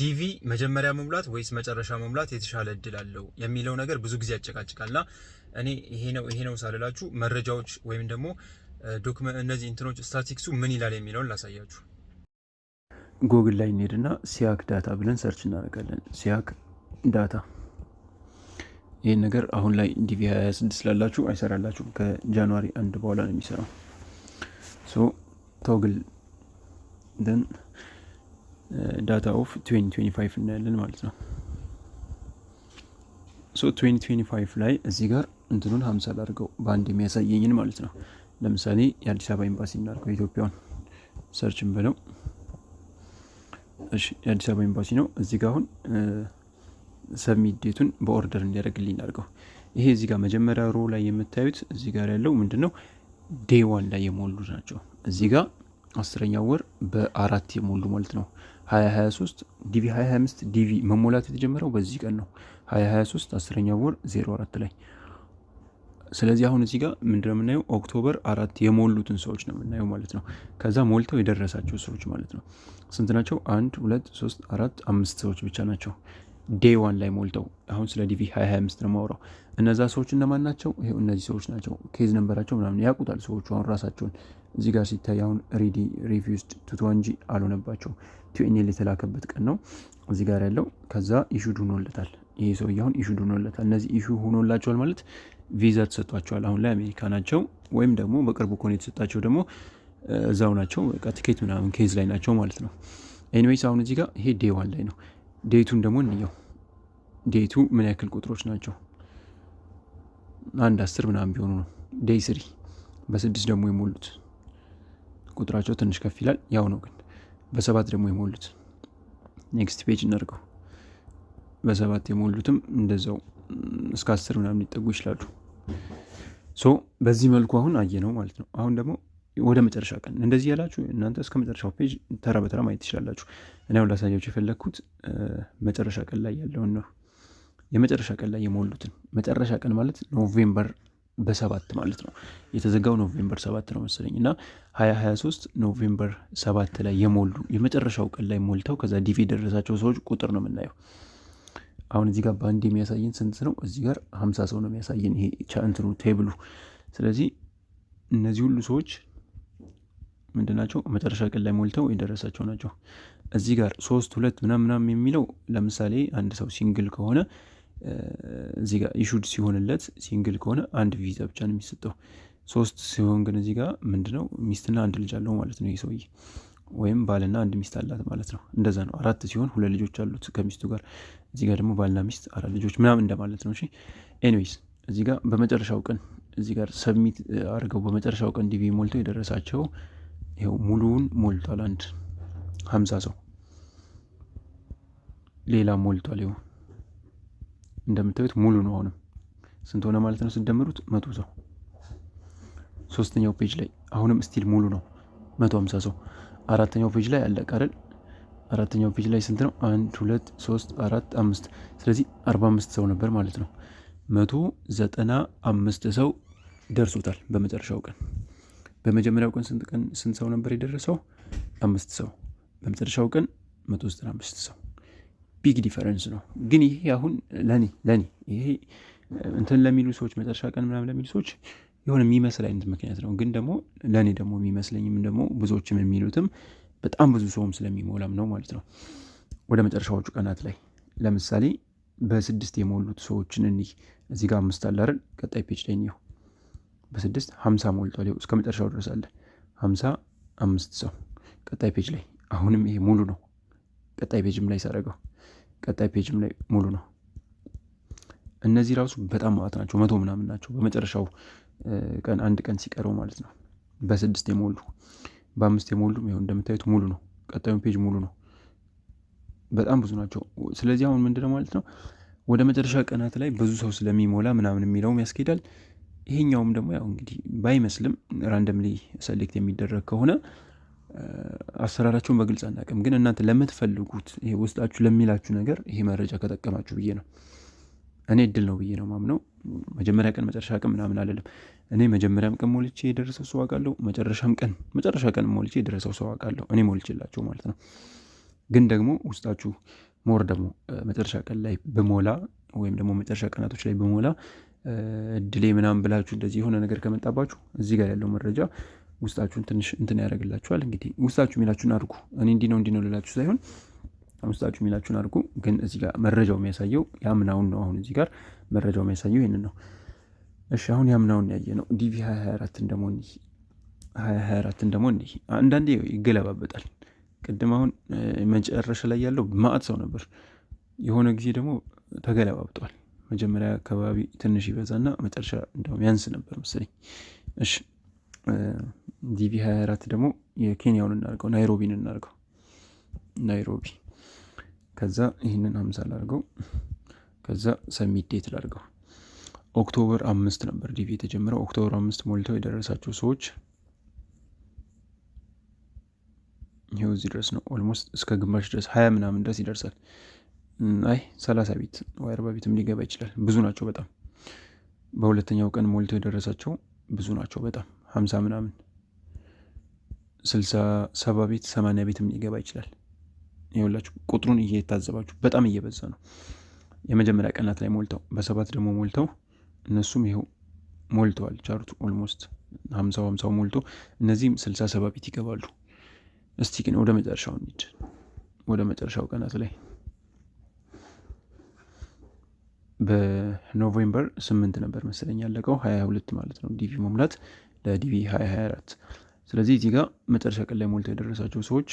ዲቪ መጀመሪያ መሙላት ወይስ መጨረሻ መሙላት የተሻለ እድል አለው የሚለው ነገር ብዙ ጊዜ ያጨቃጭቃል። ና እኔ ይሄ ነው ይሄ ነው ሳልላችሁ መረጃዎች ወይም ደግሞ ዶክመንት እነዚህ እንትኖች ስታቲክሱ ምን ይላል የሚለውን ላሳያችሁ። ጎግል ላይ እንሄድና ሲያክ ዳታ ብለን ሰርች እናደርጋለን። ሲያክ ዳታ ይህን ነገር አሁን ላይ ዲቪ 26 ላላችሁ አይሰራላችሁም። ከጃንዋሪ አንድ በኋላ ነው የሚሰራው። ቶግል ደን ዳታ ኦፍ 2025 እናያለን ማለት ነው። ሶ 2025 ላይ እዚህ ጋር እንትኑን 50 ላድርገው በአንድ የሚያሳየኝን ማለት ነው። ለምሳሌ የአዲስ አበባ ኤምባሲ እናድርገው ኢትዮጵያውን ሰርችን ብለው እሺ፣ የአዲስ አበባ ኤምባሲ ነው። እዚህ ጋር አሁን ሰብሚዴቱን በኦርደር እንዲያደርግልኝ እናድርገው። ይሄ እዚህ ጋር መጀመሪያ ሮ ላይ የምታዩት እዚህ ጋር ያለው ምንድን ነው? ዴዋን ላይ የሞሉ ናቸው። እዚህ ጋር አስረኛው ወር በአራት የሞሉ ማለት ነው። 2023 ዲቪ 2025 ዲቪ መሞላት የተጀመረው በዚህ ቀን ነው 2023 አስረኛው ወር 04 ላይ። ስለዚህ አሁን እዚህ ጋር ምንድነው የምናየው? ኦክቶበር አራት የሞሉትን ሰዎች ነው የምናየው ማለት ነው። ከዛ ሞልተው የደረሳቸው ሰዎች ማለት ነው። ስንት ናቸው? አንድ ሁለት ሶስት አራት አምስት ሰዎች ብቻ ናቸው። ዴይ ዋን ላይ ሞልተው አሁን ስለ ዲቪ 25 ነው የማወራው። እነዛ ሰዎች እነማን ናቸው? ይሄው እነዚህ ሰዎች ናቸው። ኬዝ ነበራቸው ምናምን ያውቁታል ሰዎቹ። አሁን ራሳቸውን እዚህ ጋር ሲታይ አሁን ሪዲ ሪፊውስድ ቱቶ እንጂ አልሆነባቸው ቲዩኤንኤል የተላከበት ቀን ነው እዚህ ጋር ያለው። ከዛ ኢሹድ ሆኖለታል ይህ ሰው አሁን ኢሹድ ሆኖለታል። እነዚህ ኢሹ ሆኖላቸዋል ማለት ቪዛ ተሰጧቸዋል። አሁን ላይ አሜሪካ ናቸው፣ ወይም ደግሞ በቅርቡ ከሆነ የተሰጣቸው ደግሞ እዛው ናቸው። ቲኬት ምናምን ኬዝ ላይ ናቸው ማለት ነው። ኤኒዌይስ አሁን እዚህ ጋር ይሄ ዴይ ዋን ላይ ነው። ዴቱን ደግሞ እንየው። ዴቱ ምን ያክል ቁጥሮች ናቸው? አንድ አስር ምናምን ቢሆኑ ነው። ዴይ ስሪ በስድስት ደግሞ የሞሉት ቁጥራቸው ትንሽ ከፍ ይላል፣ ያው ነው ግን በሰባት ደግሞ የሞሉት ኔክስት ፔጅ እናድርገው። በሰባት የሞሉትም እንደዛው እስከ አስር ምናምን ሊጠጉ ይችላሉ። ሶ በዚህ መልኩ አሁን አየ ነው ማለት ነው። አሁን ደግሞ ወደ መጨረሻ ቀን እንደዚህ ያላችሁ እናንተ እስከ መጨረሻው ፔጅ ተራ በተራ ማየት ትችላላችሁ። እኔ አሁን ላሳያችሁ የፈለግኩት መጨረሻ ቀን ላይ ያለውን ነው። የመጨረሻ ቀን ላይ የሞሉትን መጨረሻ ቀን ማለት ኖቬምበር በሰባት ማለት ነው። የተዘጋው ኖቬምበር ሰባት ነው መሰለኝ እና ሀያ ሀያ ሶስት ኖቬምበር ሰባት ላይ የሞሉ የመጨረሻው ቀን ላይ ሞልተው ከዛ ዲቪ የደረሳቸው ሰዎች ቁጥር ነው የምናየው። አሁን እዚህ ጋር በአንድ የሚያሳየን ስንት ነው? እዚህ ጋር ሀምሳ ሰው ነው የሚያሳየን ይሄ እንትኑ ቴብሉ። ስለዚህ እነዚህ ሁሉ ሰዎች ምንድናቸው መጨረሻ ቀን ላይ ሞልተው የደረሳቸው ናቸው። እዚህ ጋር ሶስት ሁለት ምናም ምናም የሚለው ለምሳሌ አንድ ሰው ሲንግል ከሆነ እዚህ ጋር ኢሹድ ሲሆንለት ሲንግል ከሆነ አንድ ቪዛ ብቻ ነው የሚሰጠው። ሶስት ሲሆን ግን እዚህ ጋር ምንድነው ሚስትና አንድ ልጅ አለው ማለት ነው ይህ ሰውዬ ወይም ባልና አንድ ሚስት አላት ማለት ነው። እንደዛ ነው። አራት ሲሆን ሁለት ልጆች አሉት ከሚስቱ ጋር። እዚህ ጋር ደግሞ ባልና ሚስት አራት ልጆች ምናምን እንደማለት ነው። ኤኒዌይስ እዚህ ጋር በመጨረሻው ቀን እዚህ ጋር ሰብሚት አድርገው በመጨረሻው ቀን ዲቪ ሞልተው የደረሳቸው ይኸው ሙሉውን ሞልቷል። አንድ ሀምሳ ሰው ሌላ ሞልቷል። ይኸው እንደምታዩት ሙሉ ነው። አሁንም ስንት ሆነ ማለት ነው? ስንደምሩት መቶ ሰው ሶስተኛው ፔጅ ላይ አሁንም ስቲል ሙሉ ነው። መቶ ሀምሳ ሰው አራተኛው ፔጅ ላይ አለቀ አይደል? አራተኛው ፔጅ ላይ ስንት ነው? አንድ ሁለት ሶስት አራት አምስት። ስለዚህ አርባ አምስት ሰው ነበር ማለት ነው። መቶ ዘጠና አምስት ሰው ደርሶታል በመጨረሻው ቀን በመጀመሪያው ቀን ስንት ቀን ስንት ሰው ነበር የደረሰው? አምስት ሰው። በመጨረሻው ቀን መቶ ዘጠና አምስት ሰው። ቢግ ዲፈረንስ ነው። ግን ይሄ አሁን ለኔ ለኔ ይሄ እንትን ለሚሉ ሰዎች መጨረሻ ቀን ምናምን ለሚሉ ሰዎች የሆነ የሚመስል አይነት ምክንያት ነው። ግን ደግሞ ለእኔ ደግሞ የሚመስለኝም ደግሞ ብዙዎችም የሚሉትም በጣም ብዙ ሰውም ስለሚሞላም ነው ማለት ነው። ወደ መጨረሻዎቹ ቀናት ላይ ለምሳሌ በስድስት የሞሉት ሰዎችን እኒህ እዚህ ጋር አምስት አላርን ቀጣይ ፔጅ ላይ በስድስት ሀምሳ ሞልቷል። እስከ መጨረሻው ድረስ አለ ሀምሳ አምስት ሰው ቀጣይ ፔጅ ላይ አሁንም ይሄ ሙሉ ነው። ቀጣይ ፔጅም ላይ ሳደርገው ቀጣይ ፔጅም ላይ ሙሉ ነው። እነዚህ ራሱ በጣም ማለት ናቸው፣ መቶ ምናምን ናቸው። በመጨረሻው ቀን አንድ ቀን ሲቀረው ማለት ነው። በስድስት የሞሉ በአምስት የሞሉ ይኸው እንደምታዩት ሙሉ ነው። ቀጣዩን ፔጅ ሙሉ ነው። በጣም ብዙ ናቸው። ስለዚህ አሁን ምንድነው ማለት ነው ወደ መጨረሻ ቀናት ላይ ብዙ ሰው ስለሚሞላ ምናምን የሚለውም ያስኬዳል። ይሄኛውም ደግሞ ያው እንግዲህ ባይመስልም ራንደምሊ ሰሌክት የሚደረግ ከሆነ አሰራራቸውን በግልጽ አናውቅም፣ ግን እናንተ ለምትፈልጉት ይሄ ውስጣችሁ ለሚላችሁ ነገር ይሄ መረጃ ከጠቀማችሁ ብዬ ነው እኔ እድል ነው ብዬ ነው ማምነው። መጀመሪያ ቀን መጨረሻ ቀን ምናምን አለልም። እኔ መጀመሪያም ቀን ሞልቼ የደረሰው ሰው አውቃለሁ፣ መጨረሻም ቀን መጨረሻ ቀን ሞልቼ የደረሰው ሰው አውቃለሁ። እኔ ሞልቼላቸው ማለት ነው። ግን ደግሞ ውስጣችሁ ሞር ደግሞ መጨረሻ ቀን ላይ ብሞላ ወይም ደግሞ መጨረሻ ቀናቶች ላይ ብሞላ እድሌ ምናምን ብላችሁ እንደዚህ የሆነ ነገር ከመጣባችሁ እዚህ ጋር ያለው መረጃ ውስጣችሁን ትንሽ እንትን ያደርግላችኋል። እንግዲህ ውስጣችሁ የሚላችሁን አድርጉ። እኔ እንዲህ ነው እንዲህ ነው ልላችሁ ሳይሆን ውስጣችሁ የሚላችሁን አድርጉ። ግን እዚህ ጋር መረጃው የሚያሳየው ያምናውን ነው። አሁን እዚህ ጋር መረጃው የሚያሳየው ይህንን ነው። እሺ አሁን ያምናውን ያየ ነው። ዲቪ ሀያ ሀያ ደግሞ እኒህ ደግሞ እኒህ አንዳንዴ ይገለባበጣል። ቅድም አሁን መጨረሻ ላይ ያለው ማዕት ሰው ነበር፣ የሆነ ጊዜ ደግሞ ተገለባብጧል። መጀመሪያ አካባቢ ትንሽ ይበዛና መጨረሻ እንደውም ያንስ ነበር መሰለኝ። እሺ ዲቪ 24 ደግሞ የኬንያውን እናርገው፣ ናይሮቢን እናርገው። ናይሮቢ ከዛ ይህንን ሀምሳ ላርገው፣ ከዛ ሰሚዴት ላርገው። ኦክቶበር አምስት ነበር ዲቪ የተጀመረው። ኦክቶበር አምስት ሞልተው የደረሳቸው ሰዎች ይኸው እዚህ ድረስ ነው። ኦልሞስት እስከ ግማሽ ድረስ ሀያ ምናምን ድረስ ይደርሳል። አይ ሰላሳ ቤት ወይ አርባ ቤትም ሊገባ ይችላል። ብዙ ናቸው በጣም በሁለተኛው ቀን ሞልቶ የደረሳቸው ብዙ ናቸው በጣም ሀምሳ ምናምን ስልሳ ሰባ ቤት ሰማንያ ቤትም ሊገባ ይችላል። ይኸውላችሁ ቁጥሩን እየታዘባችሁ በጣም እየበዛ ነው። የመጀመሪያ ቀናት ላይ ሞልተው በሰባት ደግሞ ሞልተው እነሱም ይኸው ሞልተዋል። ቻርቱ ኦልሞስት ሀምሳው ሀምሳው ሞልቶ እነዚህም ስልሳ ሰባ ቤት ይገባሉ። እስቲ ግን ወደ መጨረሻው እንሂድ። ወደ መጨረሻው ቀናት ላይ በኖቬምበር ስምንት ነበር መሰለኝ ያለቀው 22 ማለት ነው ዲቪ መሙላት ለዲቪ 224 ስለዚህ እዚህ ጋር መጨረሻ ቀን ላይ ሞልተው የደረሳቸው ሰዎች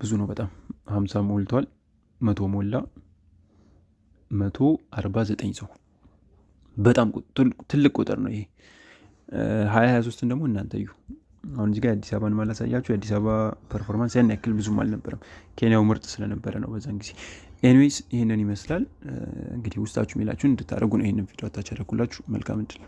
ብዙ ነው በጣም 50 ሞልቷል መቶ ሞላ መቶ አርባ ዘጠኝ ሰው በጣም ትልቅ ቁጥር ነው ይሄ ሀያ ሀያ ሶስትን ደግሞ እናንተ ዩ አሁን እዚጋ የአዲስ አበባን ማላሳያችሁ የአዲስ አበባ ፐርፎርማንስ ያን ያክል ብዙም አልነበረም ኬንያው ምርጥ ስለነበረ ነው በዛን ጊዜ ኤኒዌይስ ይህንን ይመስላል። እንግዲህ ውስጣችሁ የሚላችሁን እንድታደረጉ ነው ይህንን ቪዲዮ አታች ያደረኩላችሁ። መልካም እድል